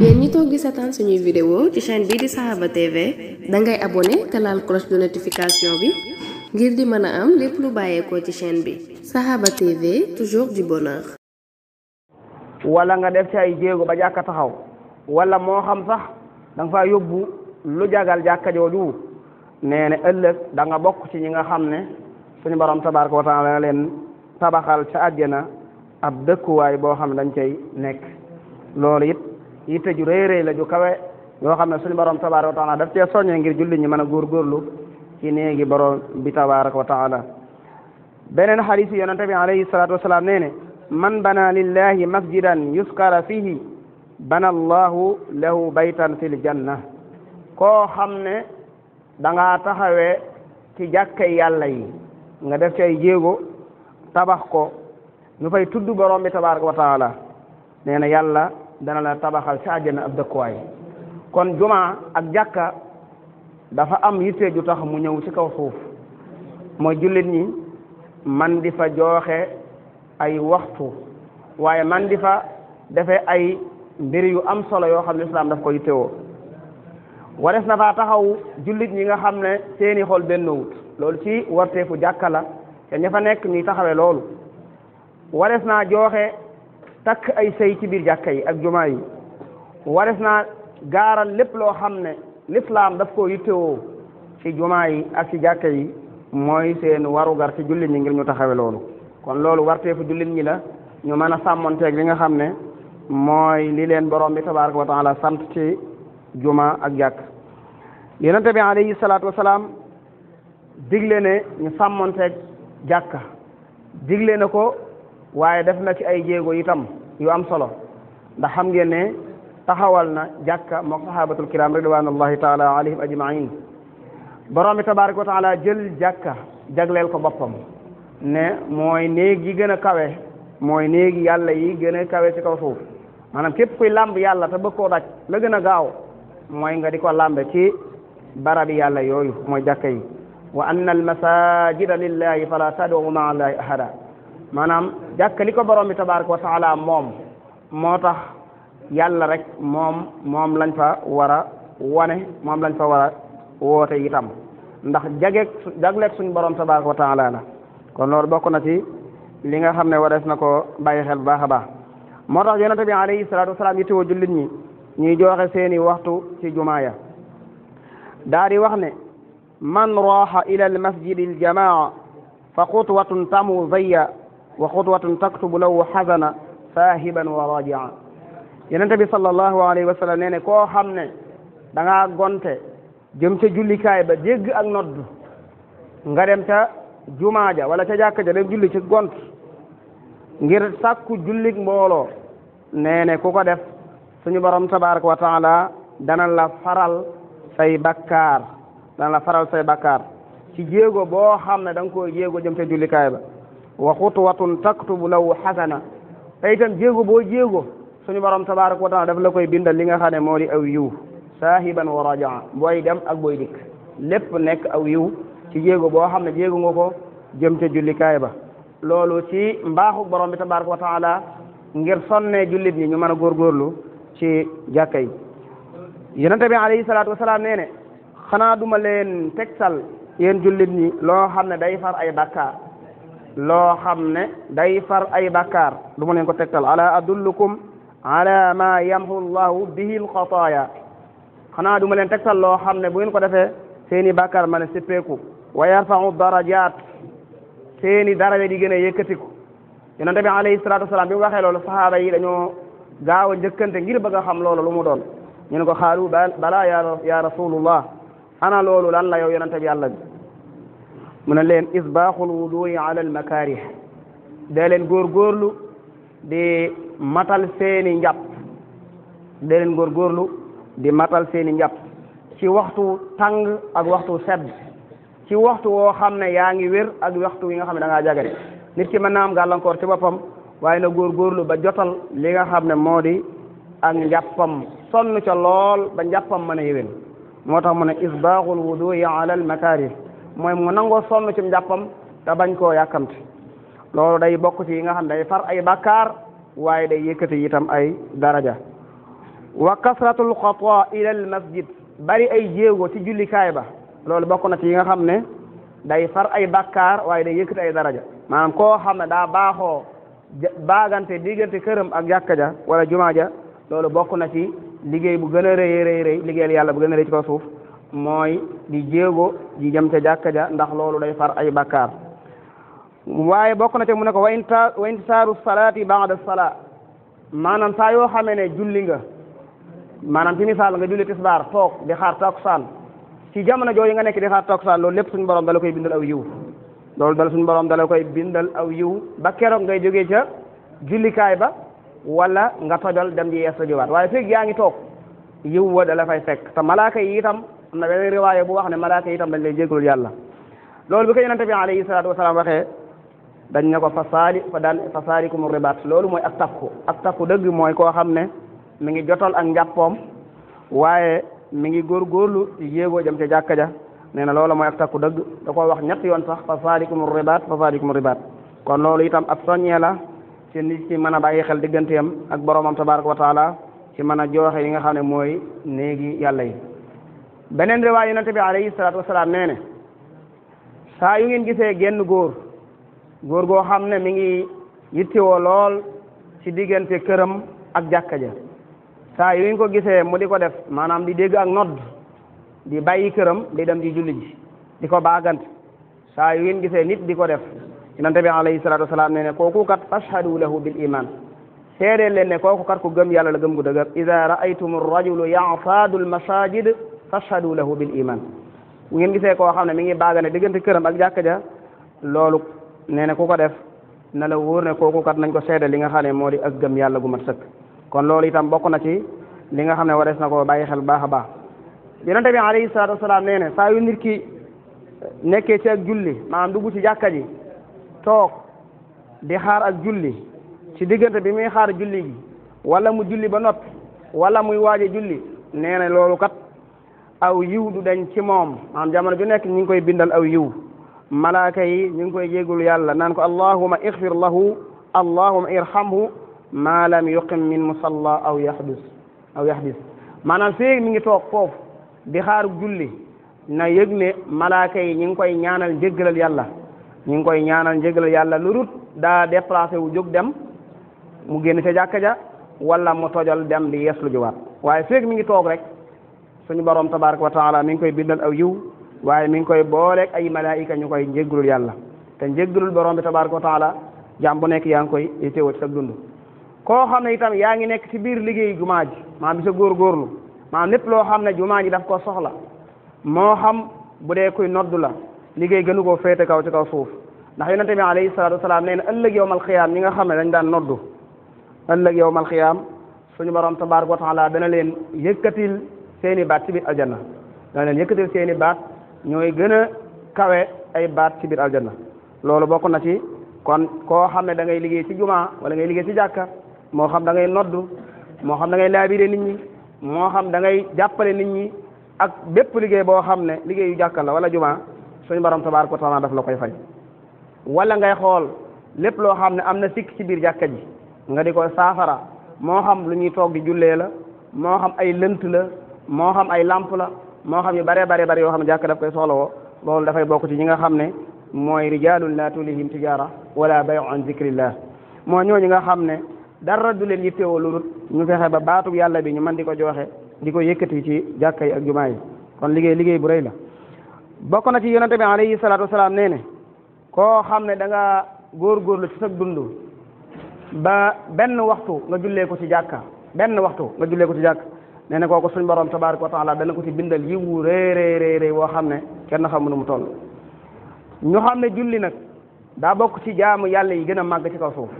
yéen ñi toog di seetaan suñuy vidéo ci chaîne bii ya di Sahaba TV dangay abonné te laal cloche de notification bi ngir di mën a am lépp lu bàyyeekoo ci chaîne bi ya Sahaba TV toujours du bonheur. wala nga def ci ay jéego ba jàkka taxaw wala moo xam sax da nga faa yóbbu lu jagal jàkka jooju nee na ëllëg da nga bokk ci ñi nga xam ne suñu borom tabaraka wa taala leen tabaxal ca àjjana ab dëkkuwaay boo xam ne dañ cay nekk loolu it. yitte ju rëy rëy ju kawe yoo xam ne suñu borom tabaaraka wa taala daf cee soññee ngir jullit ñi mën a góorgóorlu ci néegi borom bi tabaaraka wa taala beneen xadiis yi yonente bi alayhi salaatu wasalaam nee ne man bana lillahi masjidan yuskara fihi bana allahu lahu baytan fil janna koo xam ne danga taxawe taxawee ci jàkkay yàlla yi nga def ci ay jéego tabax ko ñu fay tudd borom bi tabaaraka wa taala nee na dana la tabaxal ci àjjana ab dëkkuwaay kon jumaa ak jàkka dafa am yitte ju tax mu ñëw ci kaw suuf mooy jullit ñi man di fa jooxe ay waxtu waaye man di fa defe ay mbir yu am solo yoo xam ne islam daf ko yittewoo warees na taxaw jullit ñi nga xam ne seeni xol benn wut loolu ci warteefu jàkka la te ña fa nekk ñuy taxawee loolu warees naa jooxe takk ay sëy ci biir jàkka yi ak jumaa yi wares naa gaaral lépp loo xam ne lislaam daf koo yittewoo ci jumaa yi ak ci jàkka yi mooy seen warugar ci jullit ñi ngir ñu taxawe loolu kon loolu warteefu jullit ñi la ñu mën a sàmmonteeg li nga xam ne mooy li leen borom bi tabaraka wa taala sant ci juma ak jàkk yonente bi alayhi salaatu wasalaam digle ne ñu sàmmonteeg jàkka digle na ko waaye def na ci ay jéego yitam yu am solo ndax xam ngeen ne taxawal na jàkka mook sahabatul kiram ridwanullahi taala alayhim ajmain borom bi tabaraka wa taala jël jàkka jagleel ko boppam ne mooy néeg yi gën a kawe mooy néegi yàlla yi gën a kawe ci kaw suuf maanaam képp kuy làmb yàlla ta bëgg koo daj la gën a gaaw mooy nga di ko làmbe ci barabi yàlla yooyu mooy jàkka yi wa anna al lillahi fala tad'u ma'a allahi ahada manam jàkk liko borom bi tabaaraku taala mom motax yàlla rek mom mom lañ fa wara wone mom lañ fa wara wote woote itam ndax jage jagleeg suñu borom tabaaraku taala la kon lor bokku na ci li nga xamne ne warees na ko xel bu ba motax baax moo tax yonente bi alayhi salaatu wasalaam yittewoo jullit ñi ñuy joxe seeni waxtu ci jumaaya daari wax ne man raha ila al masjidi al jamaa fa xutwatun tamu wa xutwatun taktubu law xasana saahiban wa rajia yenente bi sallallahu alayhi wa sallam nee ne koo xam ne danga ngaa gonte jëm ca jullikaay ba jégg ak nodd nga dem ta jumaa ja wala ca jàkka ja dem julli ci gont ngir sàkku jullik mbooloo nee ne ku ko def suñu borom tabaraka wa taala dana la faral say bakkaar dana la faral say bakkaar ci jéego boo xam ne da ko koo jéego jëm ca jullikaay ba wa xutwatun taktubu lahu xasana te itam jéego boo jéego suñu borom tabaraka wa taala daf la koy bindal li nga xam ne moo di aw yiw saahiban wa rajaa booy dem ak booy dikk lépp nekk aw yiw ci jéego boo xam ne jéego nga ko jëm ca jullikaay ba loolu ci mbaaxu borom bi tabaraka wa taala ngir sonne jullit ñi ñu mën a góorgóorlu ci jàkka yi yonente bi alayhi salaatu wasalaam nee ne xanaa duma leen tegtal yéen jullit ñi loo xam ne day far ay bakkaar loo xam ne day far ay bakaar du leen ko tegtal ala adullukum ala ma yamhu llahu bihi lxataaya xanaa du ma leen tektal loo xam ne bu ngeen ko defee seeni bakkaar ma ne sippeeku wa yarfau darajaat seeni daraja di gën a yëkkatiku yonente bi alayhi salatu wasalaam bi waxee loolu sahaaba yi dañoo gaaw a njëkkante ngir bëgg a xam loolu lu mu doon ñu ko xaalu balaa ya ya rasulullah ana loolu lan la yow yonente bi yàlla bi mu ne leen isbaaxul wuduyi ala al makaarih dee leen góorgóorlu di matal seeni njàpp dee leen góorgóorlu di matal seeni njàpp ci waxtu tàng ak waxtu sedd ci waxtu woo xam ne yaa ngi wér ak waxtu wi nga xam ne da ngaa jagare nit ki mën naa am gàllankoor ci boppam waaye na góorgóorlu ba jotal li nga xam ne moo di ak njàppam sonn ca lool ba njàppam mën a yéwén moo tax mu ne isbaaxul wuduyi ala al makaarih mooy moo nangoo sonn ci njàppam te bañ koo yàkkamti loolu day bokk ci yi nga xam ne day far ay bakkaar waaye day yëkkati itam ay daraja wa kasratul xatwa ila ay jéego ci jullikaay ba loolu bokk na ci yi nga xam ne day far ay bakkaar waaye day yëkkati ay daraja koo xam ne daa baaxoo baagante diggante këram ak jàkka ja wala jumaa ja loolu bokk na ci liggéey bu gën a rëy rëy rëy yàlla bu gën a ci kaw suuf mooy di jéego di jëm ca jàkka ja ndax loolu day far ay bakkaar waaye bokk na ca mu ne ko wa inta wa intisaaru salaati baada salaa maanaam saa yoo xamee ne julli nga maanaam ci misaal nga julli tisbaar toog di xaar takkusaan ci jamono jooju nga nekk di xaar takkusaan loolu lépp suñu borom dala koy bindal aw yiw loolu dala suñu borom dala koy bindal aw yiw ba keroog ngay jógee ca jullikaay ba wala nga tojal dem di yees sa jiwaat waaye fekk yaa ngi toog yiw wa dala fay fekk te malaaka am na beneen riwaaya bu wax ne malaaka itam dañ lay jégalul yàlla loolu bi ko yonente bi alayhi salaatu wasalaam waxee dañ ne ko fa saali fa daan fa saalikum ribaat loolu mooy ak takku ak takku dëgg mooy koo xam ne mi ngi jotal ak njàppoom waaye mi ngi góorgóorlu yéegoo jëm ca jàkka ja nee na loolu mooy ak takku dëgg da koo wax ñetti yoon sax fa saalikum ribaat fa saalikum ribaat kon loolu itam ak soññee la ci nit ci mën a bàyyi xel digganteem ak boromam tabaraka wa taala ci mën a jooxe yi nga xam ne mooy néegi yàlla yi beneen riwaay yonente bi alayhi salaatu wasalaam nee ne saa yu ngeen gisee genn góor góor goo xam ne mi ngi yittewoo lool ci diggante këram ak jàkka ja saa yu ko gisee mu di ko def maanaam di dégg ak nodd di bàyyi këram di dem di julli ji di ko baagant saa yu ngeen gisee nit di ko def yonente bi alayhi salaatu wasalaam nee ne kooku kat fashhadu lahu bil iman seedeel leen ne kooku kat ku gëm yàlla la gëm gu dëgër ida raaytum rajulu yafaadu masajid fashhadu lahu bil iman bu ngeen gisee koo xam ne mi ngi ne diggante këram ak jàkka ja loolu nee na ku ko def na la wóor ne kooku kat nañ ko seede li nga xam ne moo di ak gëm yàlla gu mat sëkk kon loolu itam bokk na ci li nga xam ne warees na ko bàyyi xel baax a baax yonente bi alayhi salaatu wasalaam nee ne saa nit ki nekkee ci ak julli maanaam dugg ci jàkka ji toog di xaar ak julli ci diggante bi muy xaar julli gi wala mu julli ba noppi wala muy waaje julli nee na loolu kat aw yiw du dañ ci moom maanaam jamono ju nekk ñu ngi koy bindal aw yiw malaaka yi ñu ngi koy jéggul yàlla naan ko allahuma ixfir lahu allahuma irhamhu ma lam yuqim min musalla aw yahdus aw yahdis maanaam feeg mi ngi toog foofu di xaaru julli na yëg ne malaaka yi ñu ngi koy ñaanal njéggalal yàlla ñu ngi koy ñaanal njéggalal yàlla lu rut daa déplacé wu jóg dem mu génn ca jàkka ja wala tojal dem di yeeslu juwaat waaye feeg mi ngi toog rek suñu borom tabaraka wa taala mi ngi koy bindal aw yiw waaye mi ngi koy booleeg ay malaayika ñu koy njéggalul yàlla te njéggalul borom bi tabaraka wa taala jàm bu nekk yaa ngi koy ci sa dund koo xam ne itam yaa ngi nekk ci biir liggéey jumaa ji maa bisa góorgóorlu maanaam lépp loo xam ne jumaa daf ko soxla moo xam bu dee kuy noddu la liggéey gënu koo féete kaw ci kaw suuf ndax yonente bi alayhi salatu wasalaam nee na ëllëg yowmal xiyaam ñi nga xam ne dañ daan noddu ëllëg yowmal xiyaam suñu borom tabaraka wa taala dana leen yëkkatil seeni baat ci biir aljanna dana leen yëkkatal seeni baat ñooy gën a kawe ay baat ci biir aljanna loolu bokk na ci kon koo xam ne dangay liggéey ci jumaa wala ngay liggéey ci jàkka moo xam dangay ngay moo xam da ngay laabire nit ñi moo xam da ngay jàppale nit ñi ak bépp liggéey boo xam ne liggéeyu yu jàkka la wala jumaa suñu borom tabaaraka wa taala daf la koy fay wala ngay xool lépp loo xam ne am na sikk ci biir jàkka ji nga di ko saafara moo xam lu ñuy toog di jullee la moo xam ay lënt la moo xam ay làmp la moo xam yu bare bare bare yoo xam ne jàkk daf koy soxlawoo loolu dafay bokkut ci ñi nga xam ne mooy rijalun la tulihim tijara wala bayu an zikrillah moo ñooñu nga xam ne dara du leen yittewoo lu dul ñu fee ba baatu yàlla bi ñu mën di ko joxe di ko yëkkati ci jàkka yi ak jumaa yi kon liggéey liggéey bu rey la bokk na ci yonente bi alayhi salaatu wasalaam nee ne koo xam ne da nga góorgóorlu ci sa dund ba benn waxtu nga jullee ko ci jàkka benn waxtu nga jullee ko ci jàkka nee na kooku suñ borom tabaaraka wa taala dana ko ci bindal yiwu réeréeréy réy woo xam ne kenn xamul nu mu toll ñu xam ne julli nag daa bokk ci jaamu yàlla yi gën a màgg ci kaw suuf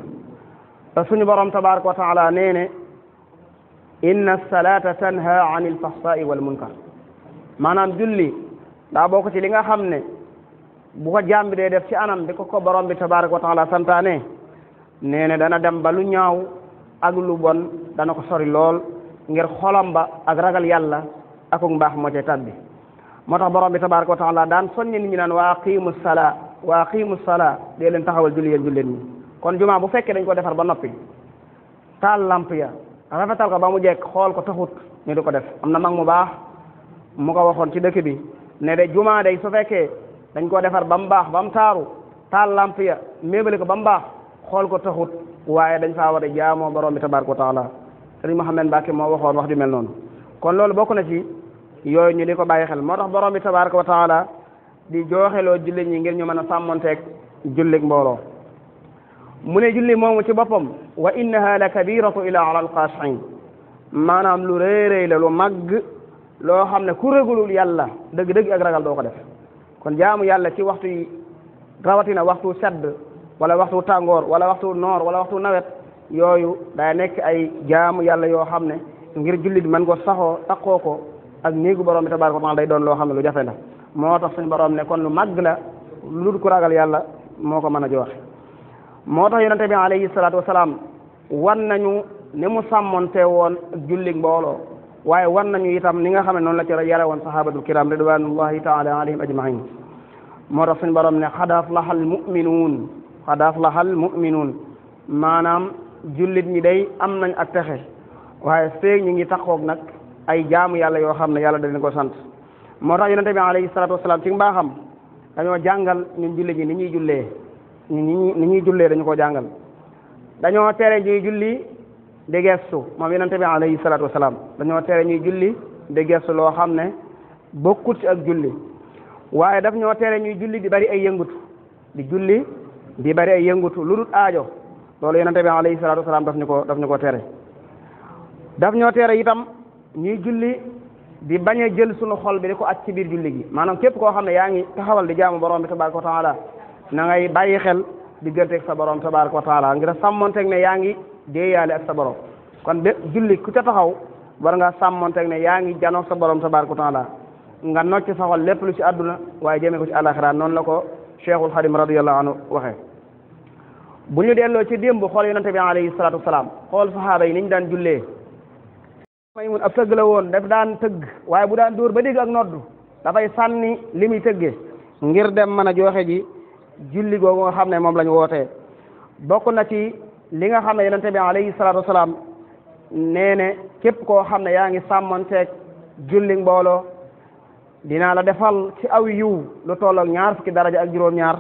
te suñu borom tabaaraka wa taala nee ne inna salaata tanha anil fahsaa'i wal munkar maanaam julli daa bokk ci li nga xam ne bu ko jaam bi dee def ci anam bi ko ko borom bi tabaaraka wa taala santaane nee dana dem ba ñaaw ak lu bon dana ko sori lool ngir xolam ba ak ragal yàlla ak mbaax moo cay tàbbi moo tax borom bi tabaraka wa taala daan soññi nit ñi naan waa qiimu salaa waa qiimu salaa dee leen taxawal julli yéen julleen ñi kon juma bu fekkee dañ ko defar ba noppi taal lamp ya rafetal ko ba mu jekk xool ko taxut ñu du ko def am na mag mu baax mu ko waxoon ci dëkk bi ne de juma day su fekkee dañ koo defar ba mu baax ba mu taaru taal lamp ya mébali ko ba mu baax xool ko taxut waaye dañ faa war a jaamoo borom bi tabaraka wa taala sëriñ Mouhamed Mbacke moo waxoon wax ju mel noonu kon loolu bokk na ci yooyu ñu di ko bàyyi xel moo tax borom bi tabaraka wa taala di jooxeloo julli ñi ngir ñu mën a sàmmonteeg jullig mbooloo mu ne julli moomu ci boppam wa innaha la kabiratu ila ala alxaashin maanaam lu réeréy la lu màgg loo xam ne ku régulul yàlla dëgg-dëgg ak ragal doo ko def kon jaamu yàlla ci waxtu yi rawatina waxtu sedd wala waxtu tàngoor wala waxtu noor wala waxtu nawet yooyu daa nekk ay jaamu yàlla yoo xam ne ngir jullit man ko saxoo takkoo ko ak néegu borom bi tabaaraka wa taala day doon loo xam ne lu jafe la moo tax suñ borom ne kon lu màgg la lu dul ku ragal yàlla moo ko mën a joxe moo tax yonente bi alayhi salaatu wasalaam wan nañu ne mu sàmmonte woon ak jullit mbooloo waaye wan nañu itam ni nga xam ne noonu la ci yare woon sahabatul kiram ridwanullahi taala alayhim ajmain moo tax suñu borom ne xad aflaha al muminuun xad aflaha al muminuun jullit ñi day am nañ ak texe waaye feeg ñu ngi taxoog nag ay jaamu yàlla yoo xam ne yàlla dañ ko sant moo tax yonente bi alayhi salaatu wasalaam ci mbaaxam dañoo jàngal ñun jullit ñi ni ñuy jullee ñi ni ñuy jullee dañu ko jàngal dañoo tere ñuy julli di gestu moom yonente bi alayhi salaatu dañoo tere ñuy julli di gestu loo xam ne bokkut ci ak julli waaye daf ñoo tere ñuy julli di bari ay yëngutu di julli di bari ay yëngutu lu dul aajo loolu yonente bi alayhi salaatu wasalaam daf ñu ko daf ñu ko tere daf ñoo tere itam ñuy julli di bañ a jël sunu xol bi di ko aj ci biir julli gi maanaam képp koo xam ne yaa ngi taxawal di jaamu borom bi tabaraka wa taala na ngay bàyyi xel digganteeg sa borom tabaraka wa taala ngir sàmmonteeg ne yaa ngi déeyaale ak sa borom kon bé julli ku ca taxaw war nga sàmmonteeg ne yaa ngi janoog sa borom tabaraka wa taala nga nocc sa lépp lu ci àdduna waaye jëmee ko ci àlaxira noonu la ko cheikhul xadim radiyallahu anhu waxee bu ñu delloo ci démb xool yonante bi alayhi salaatu wasalaam xool saxaaba yi niñ daan jullee maymun ab tëgg la woon daf daan tëgg waaye bu daan dóor ba digg ak noddu dafay sànni li muy tëggee ngir dem mën a jooxe ji julli googu nga xam ne moom lañu ñu wootee bokk na ci li nga xam ne yonante bi alayhi salaatu wasalaam nee ne képp koo xam ne yaa ngi sàmmoon sàmmonteeg julli mbooloo dinaa la defal ci aw yiw lu toll ak ñaar fukki daraja ak juróom-ñaar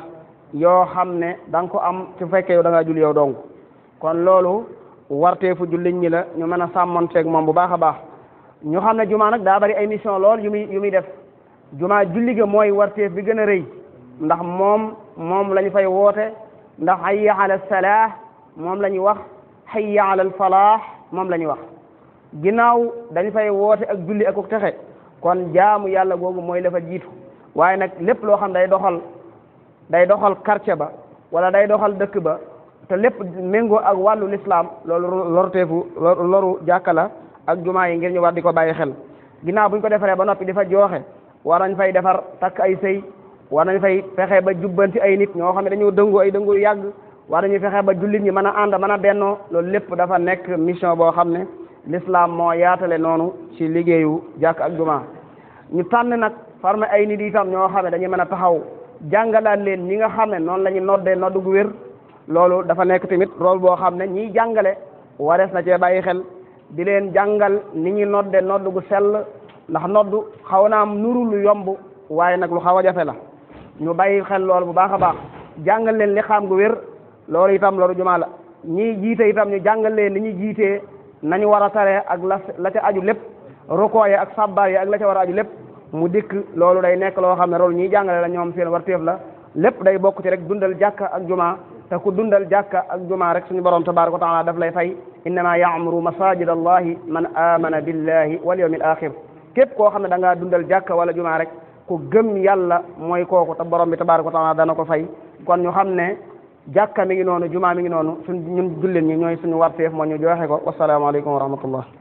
yoo xam ne da ko am su fekkee yow ngaa julli yow dong kon loolu warteefu jullit ñi la ñu mën a sàmmoon sàmmanteeg moom bu baax a baax ñu xam ne jumaa nag daa bari émission lool yu muy yu muy def jumaa julli ga mooy warteef bi gën a rëy ndax moom moom lañu fay woote ndax ay ala salaah moom la ñuy wax hayya ala falaah moom la ñuy wax ginnaaw dañ fay woote ak julli ak texe kon jaamu yàlla googu mooy la fa jiitu waaye nag lépp loo xam day doxal day doxal quartier ba wala day doxal dëkk ba te lépp méngoo ak wàllu lislaam loolu lorteefu loru jàkka la ak jumaa yi ngir ñu war di ko bàyyi xel ginnaaw bu ñu ko defaree ba noppi di fa jooxe war nañ fay defar takk ay sëy war nañ fay fexe ba jubbanti ay nit ñoo xam ne dañoo dëngu ay dëngu yàgg war nañu fexe ba jullit ñi mën a ànd mën a bennoo loolu lépp dafa nekk mission boo xam ne l'islam moo yaatale noonu ci liggéeyu jàkk ak jumaa ñu tànn nag farme ay nit itam ñoo jàngalaat leen ñi nga xam ne noonu la ñu noddee noddu gu wér loolu dafa nekk tamit rôle boo xam ne ñiy jàngale warees na cee bàyyi xel di leen jàngal ni ñuy nodde noddu gu sell ndax noddu xaw naam am nuru lu yomb waaye nag lu xaw a jafe la ñu bàyyi xel loolu bu baax a baax jàngal leen li xam gu wér loolu itam loolu jumaa la ñiy jiite itam ñu jàngal leen ni ñuy jiitee nañu war a taree ak la la ca aju lépp rukoo ak sabba yi ak la ca war a aju lépp mu dikk loolu day nekk loo xam ne rôle ñiy jàngale la ñoom seen warteef la lépp day bokk ci rek dundal jàkka ak juma te ku dundal jàkka ak juma rek suñu borom tabaraka wa taala daf lay fay innama yaamuru masajid allahi man amana billahi wal yawmil axir képp koo xam ne da ngaa dundal jàkka wala juma rek ku gëm yàlla mooy kooku te borom bi tabaraka wa taala dana ko fay kon ñu xam ne jàkka mi ngi noonu juma mi ngi noonu suñ ñun jullit ñi ñooy suñu warteef moo ñu joxe ko wasalaamaaleykum wa rahmatullah